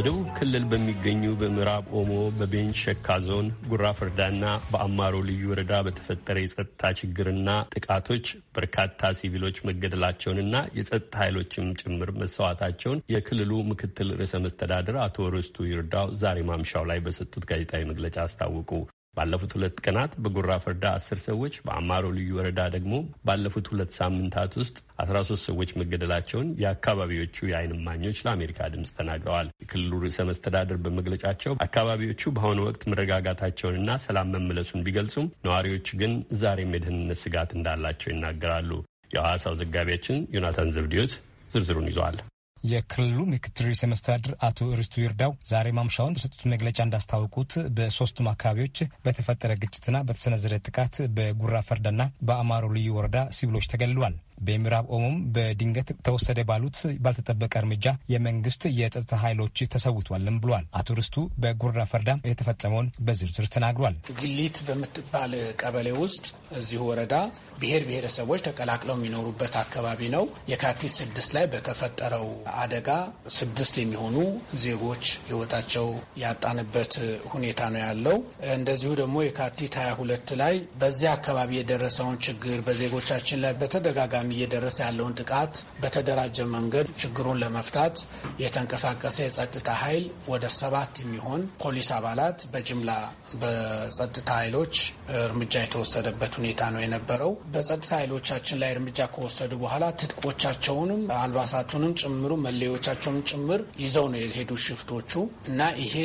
በደቡብ ክልል በሚገኙ በምዕራብ ኦሞ በቤንች ሸካ ዞን ጉራ ና በአማሮ ልዩ ወረዳ በተፈጠረ የጸጥታ ችግርና ጥቃቶች በርካታ ሲቪሎች መገደላቸውንና የጸጥታ ኃይሎችም ጭምር መሰዋታቸውን የክልሉ ምክትል ርዕሰ መስተዳድር አቶ ርስቱ ይርዳው ዛሬ ማምሻው ላይ በሰጡት ጋዜጣዊ መግለጫ አስታወቁ። ባለፉት ሁለት ቀናት በጉራ ፍርዳ አስር ሰዎች በአማሮ ልዩ ወረዳ ደግሞ ባለፉት ሁለት ሳምንታት ውስጥ አስራ ሶስት ሰዎች መገደላቸውን የአካባቢዎቹ የአይን ማኞች ለአሜሪካ ድምፅ ተናግረዋል። የክልሉ ርዕሰ መስተዳድር በመግለጫቸው አካባቢዎቹ በአሁኑ ወቅት መረጋጋታቸውንና ሰላም መመለሱን ቢገልጹም ነዋሪዎች ግን ዛሬም የደህንነት ስጋት እንዳላቸው ይናገራሉ። የሐዋሳው ዘጋቢያችን ዮናታን ዘብዲዮት ዝርዝሩን ይዘዋል። የክልሉ ምክትል ርዕሰ መስተዳድር አቶ እርስቱ ይርዳው ዛሬ ማምሻውን በሰጡት መግለጫ እንዳስታወቁት በሶስቱም አካባቢዎች በተፈጠረ ግጭትና በተሰነዘረ ጥቃት በጉራ ፈርዳና በአማሮ ልዩ ወረዳ ሲቪሎች ተገልሏል። በምዕራብ ኦሞም በድንገት ተወሰደ ባሉት ባልተጠበቀ እርምጃ የመንግስት የጸጥታ ኃይሎች ተሰውቷልም ብሏል። አቶ ርስቱ በጉራ ፈርዳ የተፈጸመውን በዝርዝር ተናግሯል። ግሊት በምትባል ቀበሌ ውስጥ እዚህ ወረዳ ብሔር ብሔረሰቦች ተቀላቅለው የሚኖሩበት አካባቢ ነው። የካቲት ስድስት ላይ በተፈጠረው አደጋ ስድስት የሚሆኑ ዜጎች ህይወታቸው ያጣንበት ሁኔታ ነው ያለው። እንደዚሁ ደግሞ የካቲት 22 ላይ በዚያ አካባቢ የደረሰውን ችግር በዜጎቻችን ላይ በተደጋጋሚ በተደጋጋሚ እየደረሰ ያለውን ጥቃት በተደራጀ መንገድ ችግሩን ለመፍታት የተንቀሳቀሰ የጸጥታ ኃይል ወደ ሰባት የሚሆን ፖሊስ አባላት በጅምላ በጸጥታ ኃይሎች እርምጃ የተወሰደበት ሁኔታ ነው የነበረው። በጸጥታ ኃይሎቻችን ላይ እርምጃ ከወሰዱ በኋላ ትጥቆቻቸውንም አልባሳቱንም ጭምሩ መለዮቻቸውንም ጭምር ይዘው ነው የሄዱ ሽፍቶቹ እና ይሄ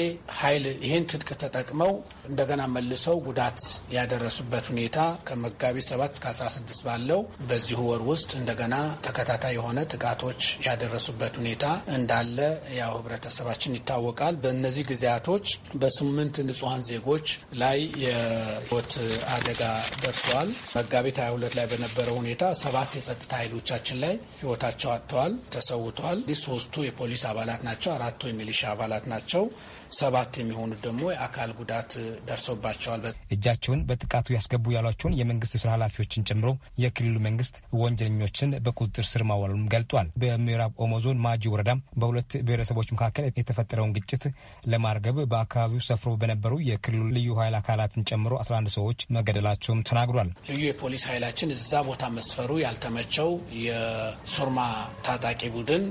ኃይል ይህን ትጥቅ ተጠቅመው እንደገና መልሰው ጉዳት ያደረሱበት ሁኔታ ከመጋቢት ሰባት እስከ አስራ ስድስት ባለው በዚሁ ወር ውስጥ እንደገና ተከታታይ የሆነ ጥቃቶች ያደረሱበት ሁኔታ እንዳለ ያው ህብረተሰባችን ይታወቃል። በእነዚህ ጊዜያቶች በስምንት ንጹሐን ዜጎች ላይ የህይወት አደጋ ደርሷል። መጋቢት 22 ላይ በነበረው ሁኔታ ሰባት የጸጥታ ኃይሎቻችን ላይ ህይወታቸው አጥተዋል፣ ተሰውተዋል። ሶስቱ የፖሊስ አባላት ናቸው። አራቱ የሚሊሻ አባላት ናቸው። ሰባት የሚሆኑ ደግሞ የአካል ጉዳት ደርሶባቸዋል። እጃቸውን በጥቃቱ ያስገቡ ያሏቸውን የመንግስት ስራ ኃላፊዎችን ጨምሮ የክልሉ መንግስት ወንጀል ወንጀለኞችን በቁጥጥር ስር ማዋሉን ገልጧል። በምዕራብ ኦሞ ዞን ማጂ ወረዳም በሁለት ብሔረሰቦች መካከል የተፈጠረውን ግጭት ለማርገብ በአካባቢው ሰፍሮ በነበሩ የክልሉ ልዩ ኃይል አካላትን ጨምሮ 11 ሰዎች መገደላቸውም ተናግሯል። ልዩ የፖሊስ ኃይላችን እዛ ቦታ መስፈሩ ያልተመቸው የሱርማ ታጣቂ ቡድን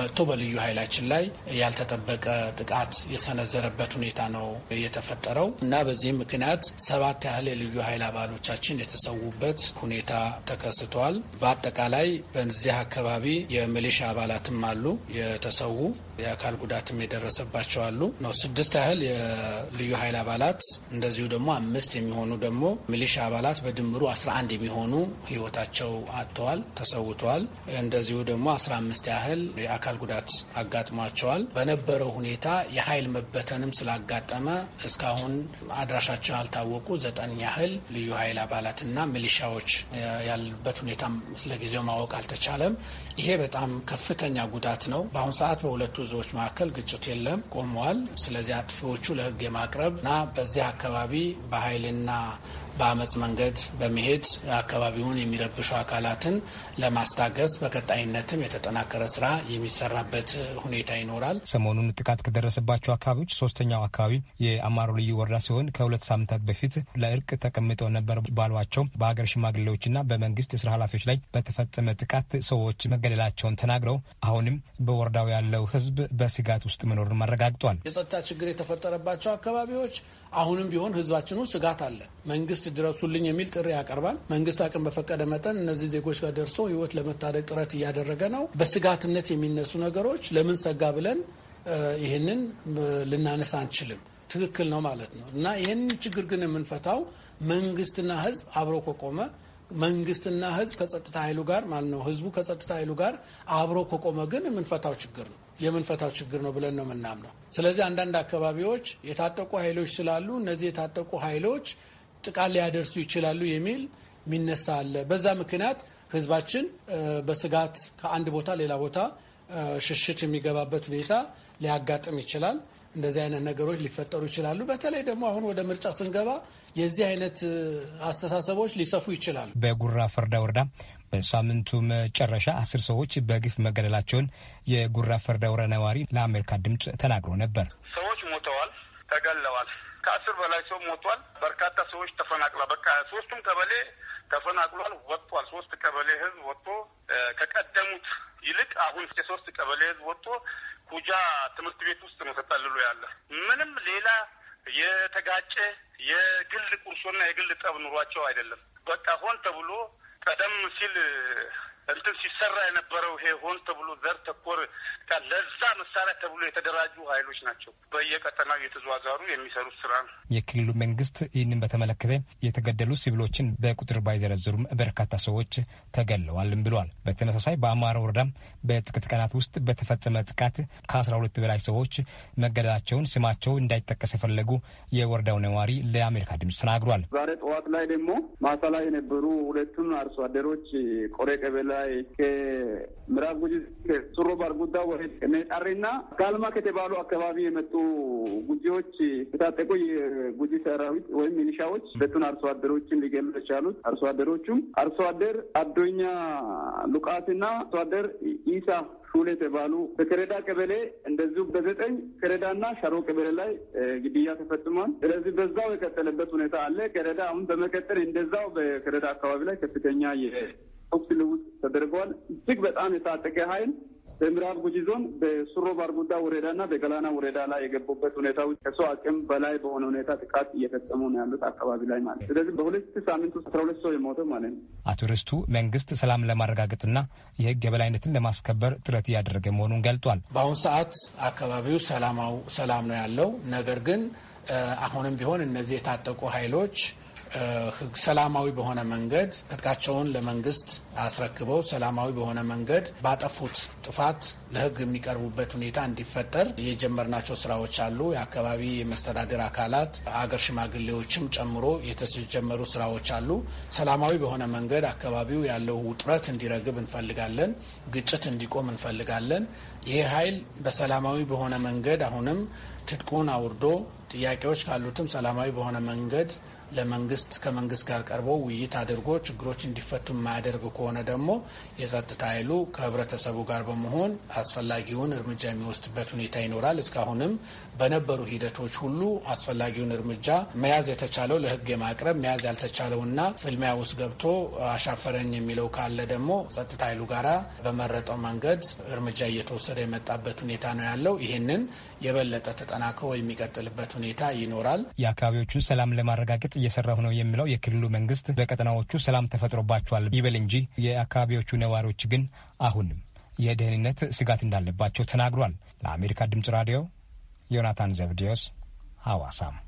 መጥቶ በልዩ ኃይላችን ላይ ያልተጠበቀ ጥቃት የሰነዘረበት ሁኔታ ነው የተፈጠረው እና በዚህም ምክንያት ሰባት ያህል የልዩ ኃይል አባሎቻችን የተሰዉበት ሁኔታ ተከስቷል። በአጠቃላይ በዚህ አካባቢ የሚሊሻ አባላትም አሉ፣ የተሰዉ የአካል ጉዳትም የደረሰባቸው አሉ ነው። ስድስት ያህል የልዩ ኃይል አባላት እንደዚሁ ደግሞ አምስት የሚሆኑ ደግሞ ሚሊሻ አባላት በድምሩ አስራ አንድ የሚሆኑ ህይወታቸው አጥተዋል፣ ተሰውተዋል። እንደዚሁ ደግሞ አስራ አምስት ያህል የአካል ጉዳት አጋጥሟቸዋል። በነበረው ሁኔታ የኃይል መበተንም ስላጋጠመ እስካሁን አድራሻቸው ያልታወቁ ዘጠኝ ያህል ልዩ ኃይል አባላትና ሚሊሻዎች ያሉበት ሁኔታ ለጊዜው ማወቅ አልተቻለም። ይሄ በጣም ከፍተኛ ጉዳት ነው። በአሁኑ ሰዓት በሁለቱ ህዝቦች መካከል ግጭት የለም፣ ቆመዋል። ስለዚህ አጥፊዎቹ ለህግ የማቅረብ እና በዚህ አካባቢ በኃይልና በአመፅ መንገድ በመሄድ አካባቢውን የሚረብሹ አካላትን ለማስታገስ በቀጣይነትም የተጠናከረ ስራ የሚሰራበት ሁኔታ ይኖራል። ሰሞኑን ጥቃት ከደረሰባቸው አካባቢዎች ሶስተኛው አካባቢ የአማሮ ልዩ ወረዳ ሲሆን ከሁለት ሳምንታት በፊት ለእርቅ ተቀምጠው ነበር ባሏቸው በሀገር ሽማግሌዎችና በመንግስት የስራ ኃላፊዎች ላይ በተፈጸመ ጥቃት ሰዎች መገደላቸውን ተናግረው አሁንም በወረዳው ያለው ህዝብ በስጋት ውስጥ መኖሩን ማረጋግጧል። የጸጥታ ችግር የተፈጠረባቸው አካባቢዎች አሁንም ቢሆን ህዝባችን ውስጥ ስጋት አለ። መንግስት መንግስት ድረሱልኝ የሚል ጥሪ ያቀርባል። መንግስት አቅም በፈቀደ መጠን እነዚህ ዜጎች ጋር ደርሶ ህይወት ለመታደግ ጥረት እያደረገ ነው። በስጋትነት የሚነሱ ነገሮች ለምን ሰጋ ብለን ይህንን ልናነሳ አንችልም። ትክክል ነው ማለት ነው እና ይህንን ችግር ግን የምንፈታው መንግስትና ህዝብ አብሮ ከቆመ መንግስትና ህዝብ ከጸጥታ ኃይሉ ጋር ማለት ነው ህዝቡ ከጸጥታ ኃይሉ ጋር አብሮ ከቆመ ግን የምንፈታው ችግር ነው የምንፈታው ችግር ነው ብለን ነው የምናምነው። ስለዚህ አንዳንድ አካባቢዎች የታጠቁ ኃይሎች ስላሉ እነዚህ የታጠቁ ኃይሎች ጥቃት ሊያደርሱ ይችላሉ የሚል የሚነሳ አለ። በዛ ምክንያት ህዝባችን በስጋት ከአንድ ቦታ ሌላ ቦታ ሽሽት የሚገባበት ሁኔታ ሊያጋጥም ይችላል። እንደዚህ አይነት ነገሮች ሊፈጠሩ ይችላሉ። በተለይ ደግሞ አሁን ወደ ምርጫ ስንገባ የዚህ አይነት አስተሳሰቦች ሊሰፉ ይችላሉ። በጉራ ፈርዳ ወረዳ በሳምንቱ መጨረሻ አስር ሰዎች በግፍ መገደላቸውን የጉራ ፈርዳ ወረዳ ነዋሪ ለአሜሪካ ድምፅ ተናግሮ ነበር። ሰዎች ሞተዋል፣ ተገለዋል። ከአስር በላይ ሰው ሞቷል። በርካታ ሰዎች ተፈናቅሏል። በቃ ሶስቱም ቀበሌ ተፈናቅሏል፣ ወጥቷል። ሶስት ቀበሌ ህዝብ ወጥቶ ከቀደሙት ይልቅ አሁን የሶስት ቀበሌ ህዝብ ወጥቶ ኩጃ ትምህርት ቤት ውስጥ ነው ተጠልሎ ያለ ምንም ሌላ የተጋጨ የግል ቁርሾና የግል ጠብ ኑሯቸው አይደለም። በቃ ሆን ተብሎ ቀደም ሲል እንትን ሲሰራ የነበረው ይሄ ሆን ተብሎ ዘር ተኮር ለዛ መሳሪያ ተብሎ የተደራጁ ኃይሎች ናቸው በየቀጠናው እየተዘዋዛሩ የሚሰሩት ስራ ነው። የክልሉ መንግስት ይህንን በተመለከተ የተገደሉ ሲቪሎችን በቁጥር ባይዘረዝሩም በርካታ ሰዎች ተገለዋልም ብሏል። በተመሳሳይ በአማራ ወረዳም በጥቂት ቀናት ውስጥ በተፈጸመ ጥቃት ከአስራ ሁለት በላይ ሰዎች መገደላቸውን ስማቸው እንዳይጠቀስ የፈለጉ የወረዳው ነዋሪ ለአሜሪካ ድምጽ ተናግሯል። ዛሬ ጠዋት ላይ ደግሞ ማሳ ላይ የነበሩ ሁለቱን አርሶ አደሮች ቆሬ ቀበሌ ላይ ከምዕራብ ጉጂ ሱሮ ባርጉዳ ወደ ሜጣሪና ካልማ ከተባሉ አካባቢ የመጡ ጉጂዎች የታጠቁ የጉጂ ሰራዊት ወይም ሚኒሻዎች ሁለቱን አርሶ አደሮችን ሊገሉ የቻሉት አርሶ አደሮቹም አርሶ አደር አዶኛ ሉቃትና አርሶ አደር ኢሳ ሹል የተባሉ በከረዳ ቀበሌ እንደዚሁ በዘጠኝ ከረዳና ሻሮ ቀበሌ ላይ ግድያ ተፈጽሟል። ስለዚህ በዛው የቀጠለበት ሁኔታ አለ። ከረዳ አሁን በመቀጠል እንደዛው በከረዳ አካባቢ ላይ ከፍተኛ ተኩስ ልውውጥ ተደርገዋል። እጅግ በጣም የታጠቀ ኃይል በምዕራብ ጉጂ ዞን በሱሮ ባርጉዳ ወረዳና በገላና ወረዳ ላይ የገቡበት ሁኔታዎች ከሰው አቅም በላይ በሆነ ሁኔታ ጥቃት እየፈጸሙ ነው ያሉት አካባቢ ላይ ማለት ስለዚህ በሁለት ሳምንት ውስጥ አስራ ሁለት ሰው የሞተው ማለት ነው። አቶ ርስቱ መንግስት ሰላም ለማረጋገጥና የህግ የበላይነትን ለማስከበር ጥረት እያደረገ መሆኑን ገልጧል። በአሁኑ ሰዓት አካባቢው ሰላም ነው ያለው። ነገር ግን አሁንም ቢሆን እነዚህ የታጠቁ ኃይሎች ሰላማዊ በሆነ መንገድ ትጥቃቸውን ለመንግስት አስረክበው ሰላማዊ በሆነ መንገድ ባጠፉት ጥፋት ለህግ የሚቀርቡበት ሁኔታ እንዲፈጠር የጀመርናቸው ስራዎች አሉ። የአካባቢ የመስተዳደር አካላት አገር ሽማግሌዎችም ጨምሮ የተጀመሩ ስራዎች አሉ። ሰላማዊ በሆነ መንገድ አካባቢው ያለው ውጥረት እንዲረግብ እንፈልጋለን። ግጭት እንዲቆም እንፈልጋለን። ይህ ኃይል በሰላማዊ በሆነ መንገድ አሁንም ትጥቁን አውርዶ ጥያቄዎች ካሉትም ሰላማዊ በሆነ መንገድ ለመንግስት ከመንግስት ጋር ቀርቦ ውይይት አድርጎ ችግሮች እንዲፈቱ የማያደርግ ከሆነ ደግሞ የጸጥታ ኃይሉ ከህብረተሰቡ ጋር በመሆን አስፈላጊውን እርምጃ የሚወስድበት ሁኔታ ይኖራል። እስካሁንም በነበሩ ሂደቶች ሁሉ አስፈላጊውን እርምጃ መያዝ የተቻለው ለህግ የማቅረብ መያዝ ያልተቻለውና ፍልሚያ ውስጥ ገብቶ አሻፈረኝ የሚለው ካለ ደግሞ ጸጥታ ኃይሉ ጋራ በመረጠው መንገድ እርምጃ እየተወሰደ የመጣበት ሁኔታ ነው ያለው። ይህንን የበለጠ ተጠናክሮ የሚቀጥልበት ሁኔታ ይኖራል። የአካባቢዎቹን ሰላም ለማረጋገጥ እየሰራሁ ነው የሚለው የክልሉ መንግስት በቀጠናዎቹ ሰላም ተፈጥሮባቸዋል ይበል እንጂ የአካባቢዎቹ ነዋሪዎች ግን አሁንም የደህንነት ስጋት እንዳለባቸው ተናግሯል። ለአሜሪካ ድምጽ ራዲዮ ዮናታን ዘብዲዮስ ሐዋሳም